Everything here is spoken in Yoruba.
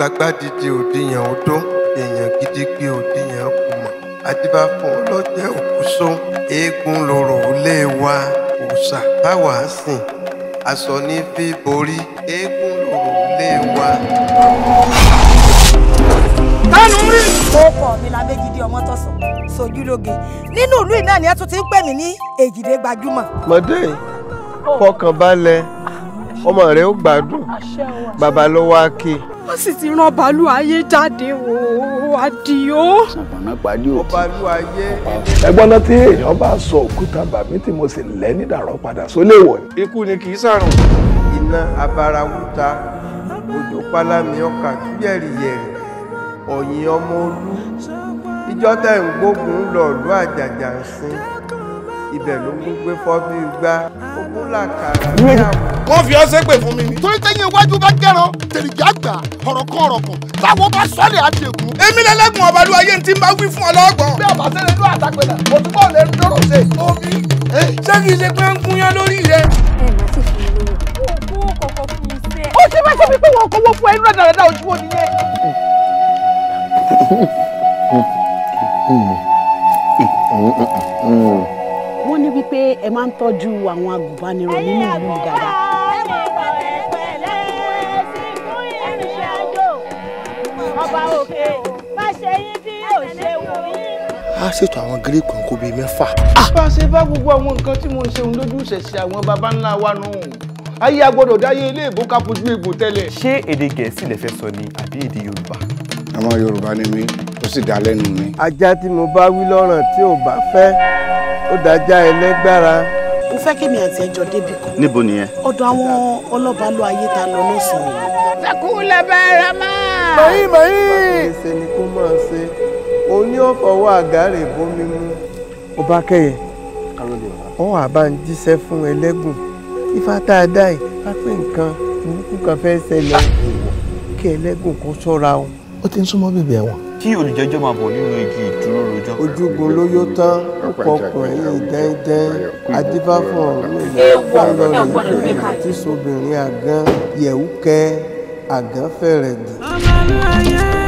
gbàgbà dìde òdìyàn ọdún èèyàn gidi gbé òdìyàn kù mọ adébá fún ọlọjẹ òkú eégún lòrò lé wa òòṣà báwa sìn aṣọ ní fi borí eégún lòrò lé wa. tánú rí. orúkọ mi la méjìdí ọmọ tọ̀sán sojúlóge nínú ìlú iná ni ẹ tún ti ń pè mí ní èjìdé gbajúmọ̀. mọ̀dé fọkànbalẹ̀ ọmọ rẹ̀ ó gbádùn bàbá ló wá wọ́n sì ti rán balùwàyé jáde o àdìo. sàbànà pàdé òtí balùwàyé. ẹgbọ́n náà tí èèyàn bá sọ òkúta bàmí tí mo sì lẹ́ nídàrọ́ padà sólè wọ̀ ni. ikú ni kì í sàrùn. iná abarawúta òjò pálámi ọkà kíyẹ̀rìyẹ̀rì ọ̀yìn ọmọ olú ìjọ tẹ̀ ń gbógun lọ̀lú àjàjà ń sin ibẹ̀ ló ń gbé fọ́ bí gbá wọ́n fi ọ́ ṣépè fún mi. torí tẹ́yìn iwájú bá jẹ́rán tèrìjà gbà ọ̀rọ̀ kan ọ̀rọ̀ kan táwọn bá sọ́ọ̀lẹ̀ àti èkó. èmi lẹ́lẹ́gùn ọba lu ayé tí n bá wí fún ọlọ́gbọ̀n. bí ọba sẹ́lẹ̀ ló àtàgbẹ̀dà òtúbọ̀ lè ń dọ́rọ̀ ṣe. omi ṣé kì ṣe pé ń gún yán lórí rẹ. ẹ má sì fún mi lówó owó kọ̀ọ̀kan fún mi sẹ́. ó ṣe má ṣe fi pé wọn kò wọ́ fún ẹ wọ́n ní wípé ẹ máa ń tọ́jú àwọn agùnbánirọ̀ nínú ìlú dada. ọba òkè bá ṣe yín bí yóò ṣe wù yín. a ṣètò àwọn gíríkù nǹkó bíi mẹ́fà. Ah! bá a ṣe bá gbogbo àwọn nǹkan tí mo ń ṣe òun lójú ìṣẹ̀ṣẹ̀ àwọn baba ńlá wa nù ayé agbọ́dọ̀ dáyé ilé ìbò ká fojú egbò tẹ́lẹ̀. ṣé èdè gẹ̀ẹ́sì lẹ fẹ́ sọ ni àbí èdè yorùbá. àmọ́ yorùbá ni mí ó sì dá lẹ́nu mi. ajá tí mo bá wí lọ́ràn tí ò bá fẹ́ ó dájá ẹlẹ́gbára. mo fẹ́ kí mi àti ẹjọ́ débi kan. níbo nìyẹn. ọ̀dọ̀ àwọn ọlọ́ba ló ayé ta lọ lọ́sàn-án. sakula bàrà máa. mọ̀yì mọ̀yì. ìṣe ni kó máa ṣe oní ọ̀fọ̀wọ́ àgárè bómi mú. ọba kẹyẹ ọwọ́ àbá ń jíṣẹ́ fún ẹlẹ́gùn ifá tá a dá yìí ká pé nǹkan burúkú kan fẹ́ ṣẹlẹ̀ kí ẹlẹ́gùn kó ṣọ́ra o. ó ti ń súnmọ́ bèbè ẹ̀wọ̀n kí olùjẹ́jọ́ máa bọ̀ nínú igi ìdúró rojọ́. ojúgun ló tán ọkùnrin dẹ́ndẹ́n adífáfọ̀ ọ̀rọ̀ ìlú àti sobìnrin àgán yẹ̀wù kẹ́ ọmọ ló ayé.